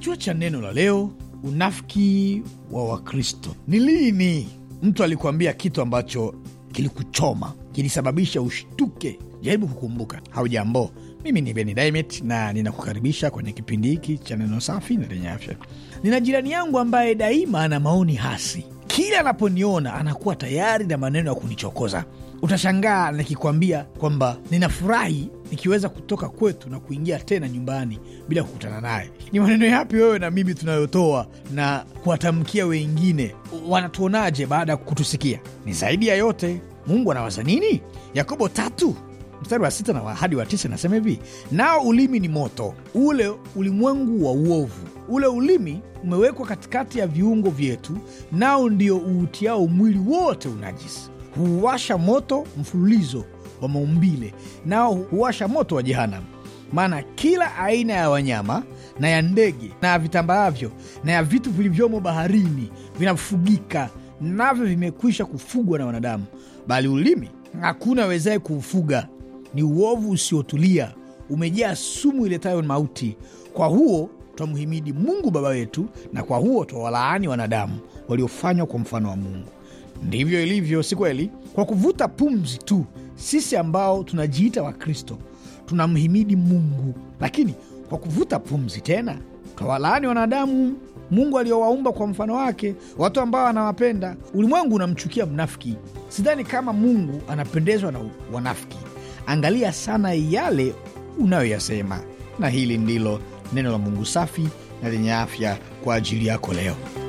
Kichwa cha neno la leo, unafiki wa Wakristo. Ni lini mtu alikuambia kitu ambacho kilikuchoma, kilisababisha ushtuke? Jaribu kukumbuka. Haujambo, mimi ni Beni Dimet na ninakukaribisha kwenye kipindi hiki cha neno safi na lenye afya. Nina jirani yangu ambaye daima ana maoni hasi. Kila anaponiona anakuwa tayari na maneno ya kunichokoza. Utashangaa nikikwambia kwamba ninafurahi nikiweza kutoka kwetu na kuingia tena nyumbani bila kukutana naye. Ni maneno yapi wewe na mimi tunayotoa na kuwatamkia wengine? Wanatuonaje baada ya kutusikia? Ni zaidi ya yote, Mungu anawaza nini? Yakobo tatu mstari wa sita na hadi wa tisa nasema hivi, nao ulimi ni moto, ule ulimwengu wa uovu. Ule ulimi umewekwa katikati ya viungo vyetu, nao ndio uutiao mwili wote unajisi huwasha moto mfululizo wa maumbile, nao huwasha moto wa jehanamu. Maana kila aina ya wanyama na ya ndege na ya vitambaavyo na ya vitu vilivyomo baharini vinafugika, navyo vimekwisha kufugwa na wanadamu, bali ulimi hakuna wezaye kuufuga. Ni uovu usiotulia, umejaa sumu iletayo mauti. Kwa huo twamhimidi Mungu Baba wetu na kwa huo twawalaani wanadamu waliofanywa kwa mfano wa Mungu. Ndivyo ilivyo, si kweli? Kwa kuvuta pumzi tu sisi ambao tunajiita Wakristo tunamhimidi Mungu, lakini kwa kuvuta pumzi tena twawalaani wanadamu Mungu aliyowaumba kwa mfano wake, watu ambao anawapenda. Ulimwengu unamchukia mnafiki. Sidhani kama Mungu anapendezwa na wanafiki. Angalia sana yale unayoyasema, na hili ndilo neno la Mungu safi na lenye afya kwa ajili yako leo.